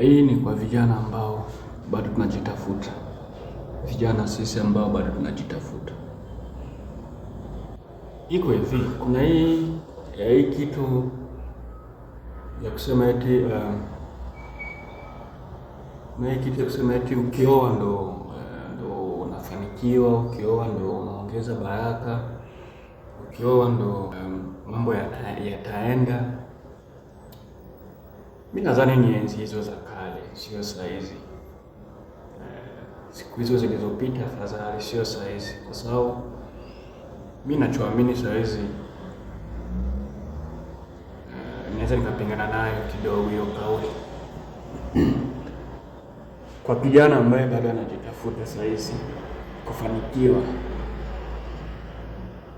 Hii ni kwa vijana ambao bado tunajitafuta, vijana sisi ambao bado tunajitafuta. Iko hivi, kuna hii ya hii kitu ya kusema eti uh, na hii kitu ya kusema eti ukioa ndo uh, ndo unafanikiwa, ukioa ndo unaongeza baraka, ukioa ndo um, mambo yataenda Mi nadhani ni enzi hizo za kale, sio saa hizi. Eh, siku hizo zilizopita tafadhali, sio saa hizi, kwa sababu mi nachoamini saa hizi eh, naweza nikapingana nayo kidogo hiyo kauli kwa kijana ambaye bado anajitafuta saa hizi kufanikiwa,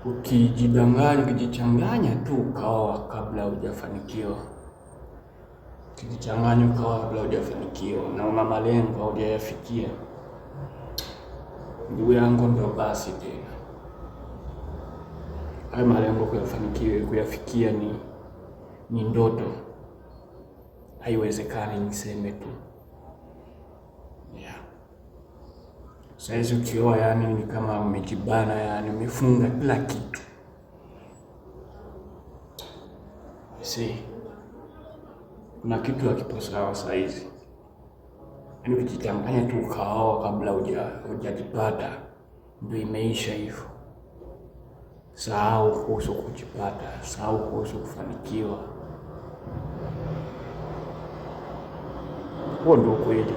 ukijidanganya, ukijichanganya tu ukaoa kabla hujafanikiwa ukijichanganya ukawa kabla hujafanikiwa na una malengo hujayafikia, ndugu yangu, ndio basi tena. Hayo malengo kuyafanikiwe kuyafikia ni ni ndoto, haiwezekani, niseme tu yeah. Saizi ukioa yani ni kama umejibana, yani umefunga kila kitu si kuna kitu hakipo sawa saa hizi, yaani ukijitanganya tu ukaoa kabla hujajipata ndio imeisha hivyo. Sahau kuhusu kujipata, sahau kuhusu kufanikiwa. Huo ndio kweli